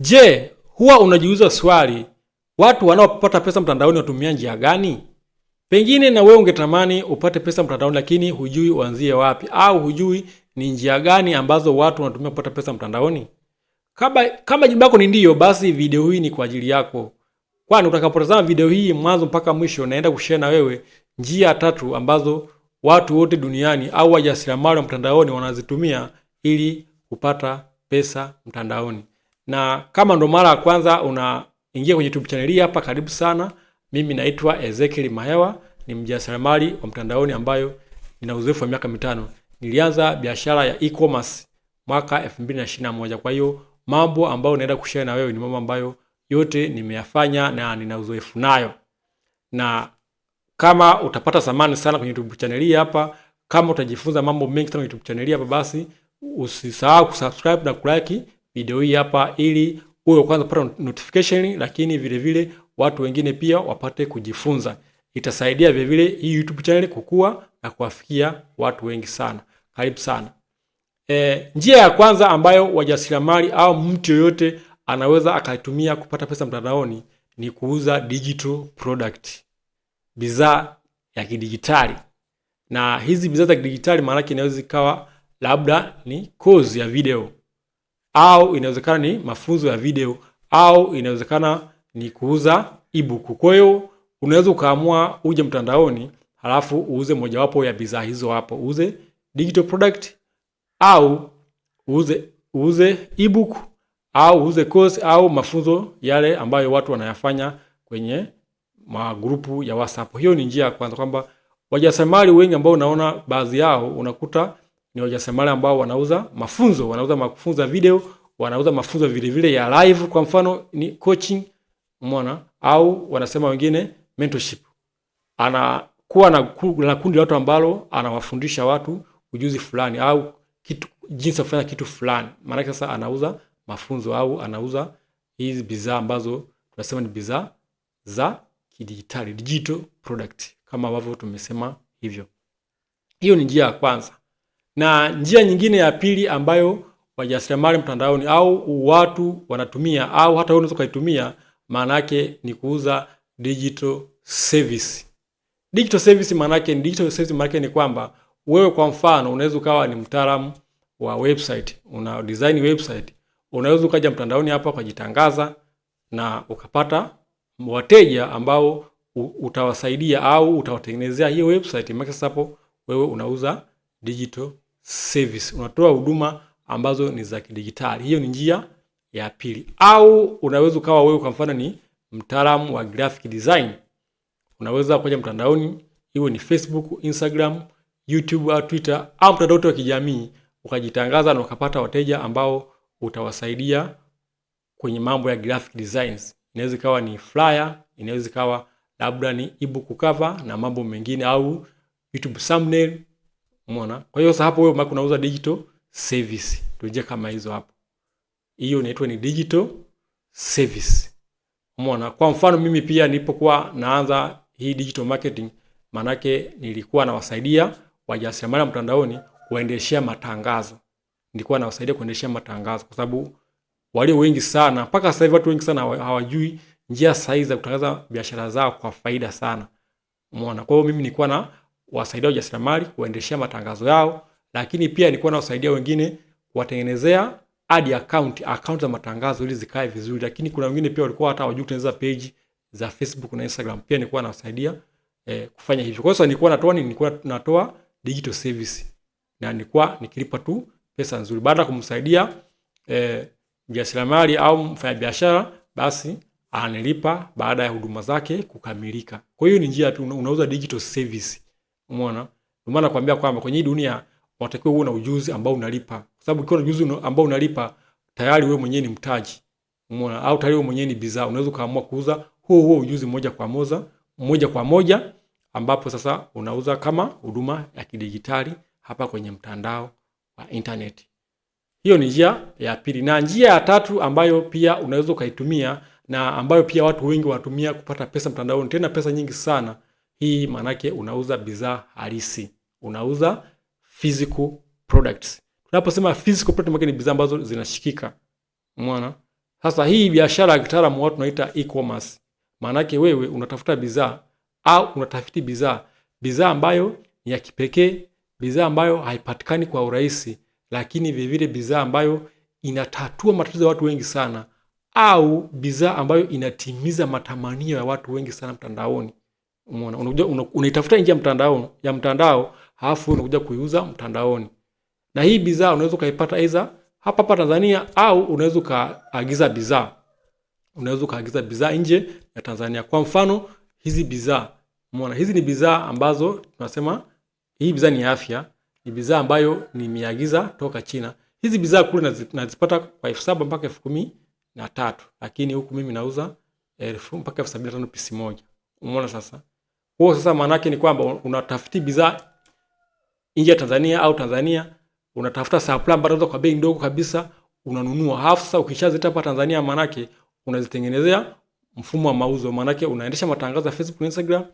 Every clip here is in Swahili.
Je, huwa unajiuliza swali, watu wanaopata pesa mtandaoni watumia njia gani? Pengine na wewe ungetamani upate pesa mtandaoni, lakini hujui uanzie wapi, au hujui ni njia gani ambazo watu wanatumia kupata pesa mtandaoni. Kama, kama jibu lako ni ndiyo, basi video hii ni kwa ajili yako, kwani utakapotazama video hii mwanzo mpaka mwisho, naenda kushare na wewe njia tatu ambazo watu wote duniani au wajasiriamali wa mtandaoni wanazitumia ili kupata pesa mtandaoni na kama ndo mara ya kwanza unaingia kwenye YouTube channel hii hapa, karibu sana. Mimi naitwa Ezekiel Mahewa, ni mjasiriamali wa mtandaoni ambayo nina uzoefu wa miaka mitano. Nilianza biashara ya e-commerce mwaka 2021. Kwa hiyo mambo ambayo naenda kushare na wewe ni mambo ambayo yote nimeyafanya na nina uzoefu nayo. Na kama utapata samani sana kwenye YouTube channel hii hapa, kama utajifunza mambo mengi sana kwenye YouTube channel hii hapa, basi usisahau kusubscribe na kulike video hii hapa, ili uwe kwanza kupata notification, lakini vile vile watu wengine pia wapate kujifunza. Itasaidia vile vile hii YouTube channel kukua na kuwafikia watu wengi sana. Karibu sana. E, njia ya kwanza ambayo wajasiriamali au mtu yoyote anaweza akaitumia kupata pesa mtandaoni ni kuuza digital product, bidhaa ya kidijitali. Na hizi bidhaa za kidijitali maana yake inaweza ikawa labda ni course ya video au inawezekana ni mafunzo ya video au inawezekana ni kuuza ebook. Kwa hiyo unaweza ukaamua uje mtandaoni halafu uuze mojawapo ya bidhaa hizo hapo, uuze digital product au uuze uuze ebook au uuze course au mafunzo yale ambayo watu wanayafanya kwenye magrupu ya WhatsApp. Hiyo ni njia ya kwanza, kwamba wajasiriamali wengi ambao unaona baadhi yao unakuta ni wajasiriamali ambao wanauza mafunzo, wanauza mafunzo ya video, wanauza mafunzo vile vile ya live, kwa mfano ni coaching, umeona, au wanasema wengine mentorship. Anakuwa na kundi la watu ambalo anawafundisha watu ujuzi fulani au kitu, jinsi ya kufanya kitu fulani. Maana sasa anauza mafunzo au anauza hizi bidhaa ambazo tunasema ni bidhaa za kidijitali, digital product, kama ambavyo tumesema hivyo. Hiyo ni njia ya kwanza. Na njia nyingine ya pili ambayo wajasiriamali mtandaoni au watu wanatumia au hata wewe unaweza ukaitumia, maana yake ni kuuza digital service. Digital service maana yake ni digital service maana yake ni kwamba wewe, kwa mfano, unaweza ukawa ni mtaalamu wa website, una design website, unaweza ukaja mtandaoni hapa ukajitangaza na ukapata wateja ambao utawasaidia au utawatengenezea hiyo website. Maana sasa hapo wewe unauza digital service, unatoa huduma ambazo ni za kidijitali. Hiyo ni njia ya pili, au unaweza ukawa wewe kwa mfano ni mtaalamu wa graphic design, unaweza kuja mtandaoni, iwe ni Facebook, Instagram, YouTube au Twitter au mtandao wote wa kijamii, ukajitangaza na ukapata wateja ambao utawasaidia kwenye mambo ya graphic designs. Inaweza ikawa ni flyer, inaweza ikawa labda ni ebook cover na mambo mengine, au YouTube thumbnail Umeona? Kwa hiyo sasa hapo wewe mpaka unauza digital service. Tuje kama hizo hapo. Hiyo inaitwa ni digital service. Umeona? Kwa mfano mimi pia nilipokuwa naanza hii digital marketing, manake nilikuwa nawasaidia wajasiriamali mtandaoni kuendeshea matangazo. Nilikuwa nawasaidia kuendeshea matangazo kwa sababu walio wengi sana mpaka sasa hivi watu wengi sana hawajui njia sahihi za kutangaza biashara zao kwa faida sana. Umeona? Kwa hiyo mimi nilikuwa na kuwasaidia wajasiriamali kuendeshea matangazo yao, lakini pia nilikuwa nawasaidia wengine kuwatengenezea ad account, account za matangazo ili zikae vizuri. Lakini kuna wengine pia walikuwa hata hawajui kutengeneza page za Facebook na Instagram, pia nilikuwa nawasaidia eh, kufanya hivyo. Kwa hiyo nilikuwa natoa nini? Nilikuwa natoa digital service na nilikuwa nikilipa tu pesa nzuri. Baada ya kumsaidia eh, mjasiriamali au mfanyabiashara, basi analipa baada ya huduma zake kukamilika. Kwa hiyo ni njia tu unauza digital service. Umeona? Ndio maana nakwambia kwamba kwenye hii dunia unatakiwa uwe na ujuzi ambao unalipa. Kwa sababu ukiwa na ujuzi ambao unalipa tayari wewe mwenyewe ni mtaji. Umeona? Au tayari wewe mwenyewe ni bidhaa. Unaweza kaamua kuuza huo huo ujuzi moja kwa moja, moja kwa moja ambapo sasa unauza kama huduma ya kidijitali hapa kwenye mtandao wa internet. Hiyo ni njia ya pili, na njia ya tatu ambayo pia unaweza ukaitumia na ambayo pia watu wengi wanatumia kupata pesa mtandaoni, tena pesa nyingi sana. Hii maanake unauza bidhaa halisi, unauza physical products. Tunaposema physical product, maana ni bidhaa ambazo zinashikika. Umeona? Sasa hii biashara ya kitaalamu watu tunaita e-commerce. Maanake wewe unatafuta bidhaa au unatafiti bidhaa, bidhaa ambayo ni ya kipekee, bidhaa ambayo haipatikani kwa urahisi, lakini vilevile bidhaa ambayo inatatua matatizo ya watu wengi sana, au bidhaa ambayo inatimiza matamanio ya watu wengi sana mtandaoni. Umeona, unaitafuta nje ya mtandao ya mtandao, halafu unakuja kuiuza mtandaoni. Na hii bidhaa unaweza ukaipata aidha hapa hapa Tanzania au unaweza ukaagiza bidhaa, unaweza ukaagiza bidhaa nje ya Tanzania. Kwa mfano hizi bidhaa, umeona, hizi ni bidhaa ambazo tunasema hii bidhaa ni afya, ni bidhaa ambayo nimeagiza toka China. Hizi bidhaa kule nazipata kwa elfu saba mpaka elfu kumi na tatu lakini huku mimi nauza elfu mpaka elfu sabini na tano pisi moja. Umeona sasa kwa hiyo sasa maana yake ni kwamba unatafuti bidhaa nje ya Tanzania au Tanzania unatafuta supply ambayo inauza kwa bei ndogo kabisa, unanunua. Halafu sasa ukishazileta hapa Tanzania, maana yake unazitengenezea mfumo wa mauzo, maana yake unaendesha matangazo ya Facebook na Instagram.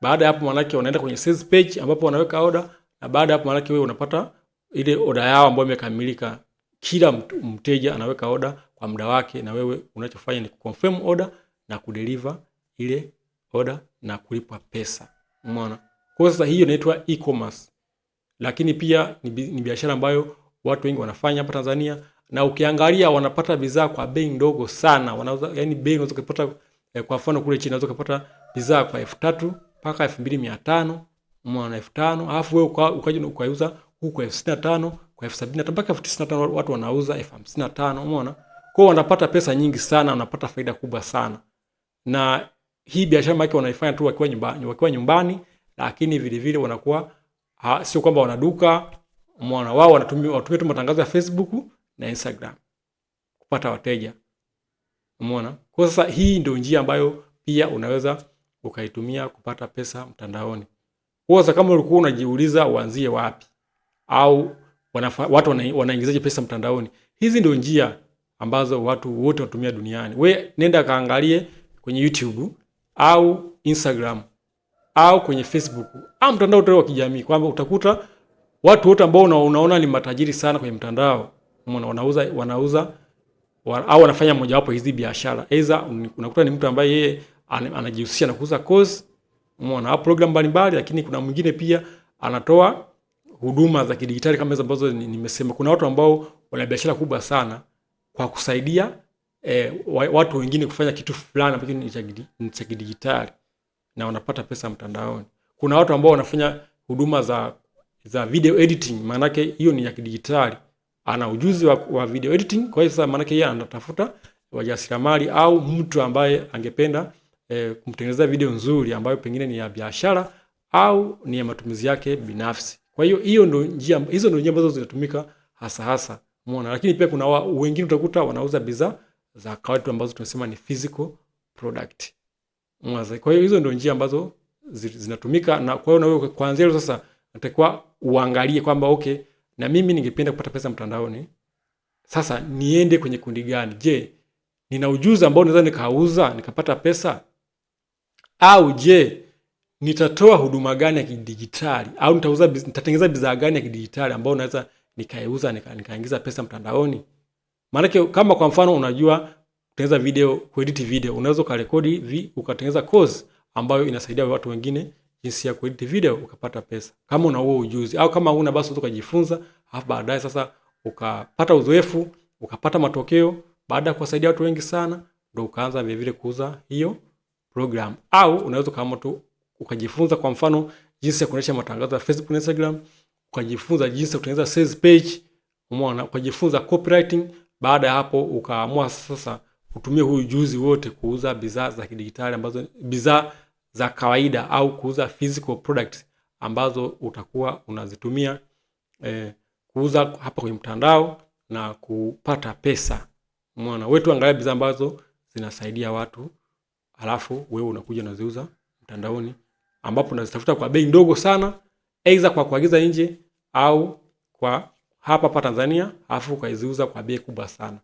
Baada ya hapo, maana yake unaenda kwenye sales page ambapo wanaweka order, na baada ya hapo, maana yake wewe unapata ile order yao ambayo imekamilika. Kila mteja anaweka order kwa muda wake, na wewe unachofanya ni kuconfirm order na kudeliver ile order na kulipwa pesa. Umeona? Kwa sasa hiyo inaitwa e-commerce. Lakini pia ni biashara ambayo watu wengi wanafanya hapa Tanzania na ukiangalia wanapata bidhaa kwa bei ndogo sana. Wanauza yani bei unaweza kupata eh, kwa mfano kule China unaweza kupata bidhaa kwa 3000 mpaka 2500, umeona 5000, alafu wewe ukaje ukaiuza huko kwa kwa 75000 mpaka 95000 watu wanauza 55000, umeona? Kwa wanapata pesa nyingi sana, wanapata faida kubwa sana. Na hii biashara yake wanaifanya tu wakiwa nyumbani, wakiwa nyumbani, lakini vile vile wanakuwa sio kwamba wana duka, mwana wao wanatumia watumie tu matangazo ya Facebook na Instagram kupata wateja. Umeona? Kwa sasa hii ndio njia ambayo pia unaweza ukaitumia kupata pesa mtandaoni. Kwa sasa kama ulikuwa unajiuliza uanzie wapi au wanafa, watu wanaingizaje pesa mtandaoni? Hizi ndio njia ambazo watu wote wanatumia duniani. We nenda kaangalie kwenye YouTube au Instagram au kwenye Facebook au mtandao wa kijamii, kwamba utakuta watu wote ambao unaona ni matajiri sana kwenye mtandao wanauza wanauza wana, au wanafanya mojawapo hizi biashara. Aidha unakuta ni mtu ambaye yeye anajihusisha na kuuza course, umeona, au program mbalimbali, lakini kuna mwingine pia anatoa huduma za kidijitali kama hizo ambazo nimesema. Kuna watu ambao wana biashara kubwa sana kwa kusaidia eh, watu wengine kufanya kitu fulani ambacho ni cha kidijitali na wanapata pesa mtandaoni. Kuna watu ambao wanafanya huduma za za video editing, maanake hiyo ni ya kidijitali, ana ujuzi wa, wa video editing. Kwa hiyo sasa, maanake yeye anatafuta wajasiriamali au mtu ambaye angependa eh, kumtengenezea video nzuri ambayo pengine ni ya biashara au ni ya matumizi yake binafsi. Kwa hiyo hiyo ndio njia, hizo ndio njia ambazo zinatumika hasa hasa, muona. Lakini pia kuna wengine utakuta wanauza bidhaa za katu ambazo tunasema ni physical product. Kwa hiyo hizo ndio njia ambazo zinatumika na kwa hiyo na wewe kuanzia leo sasa natakiwa uangalie kwamba okay, na mimi ningependa kupata pesa mtandaoni. Sasa niende kwenye kundi gani? Je, nina ujuzi ambao naweza nikauza nikapata pesa? Au je, nitatoa huduma gani ya kidijitali au nitauza nitatengeneza bidhaa gani ya kidijitali ambayo naweza nikaiuza nikaingiza nika pesa mtandaoni? Maanake kama kwa mfano unajua kutengeneza video, kuedit video, unaweza ukarekodi vi, ukatengeneza course ambayo inasaidia watu wengine jinsi ya kuedit video ukapata pesa. Kama una huo ujuzi au kama huna basi ukajifunza, alafu baadaye sasa ukapata uzoefu, ukapata matokeo, baada ya kuwasaidia watu wengi sana ndio ukaanza vile vile kuuza hiyo program. Au unaweza kama tu ukajifunza kwa mfano jinsi ya kuonesha matangazo ya Facebook na Instagram, ukajifunza jinsi ya kutengeneza sales page, umeona, ukajifunza copywriting baada ya hapo ukaamua sasa utumie huu ujuzi wote kuuza bidhaa za kidijitali ambazo bidhaa za kawaida au kuuza physical products ambazo utakuwa unazitumia eh, kuuza hapa kwenye mtandao na kupata pesa. Umeona, wewe angalia bidhaa ambazo zinasaidia watu, alafu wewe unakuja unaziuza mtandaoni, ambapo unazitafuta kwa bei ndogo sana, aidha kwa kuagiza nje au kwa hapa hapa Tanzania afu ukaiziuza kwa bei kubwa sana.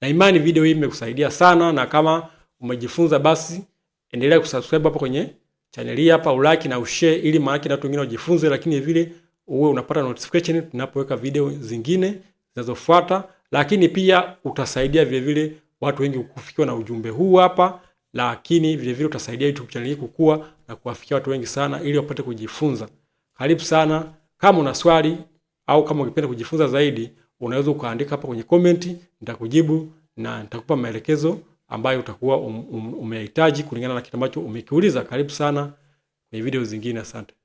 Na imani video hii imekusaidia sana, na kama umejifunza basi endelea kusubscribe hapo kwenye channel hii hapa, ulike na ushare, ili maana na watu wengine wajifunze, lakini vile uwe unapata notification tunapoweka video zingine zinazofuata. Lakini pia utasaidia vile vile watu wengi kufikiwa na ujumbe huu hapa, lakini vile vile utasaidia YouTube channel hii kukua na kuwafikia watu wengi sana, ili wapate kujifunza. Karibu sana, kama una swali au kama ungependa kujifunza zaidi, unaweza ukaandika hapa kwenye komenti, nitakujibu na nitakupa maelekezo ambayo utakuwa um, um, umehitaji kulingana na kitu ambacho umekiuliza. Karibu sana kwenye video zingine, asante.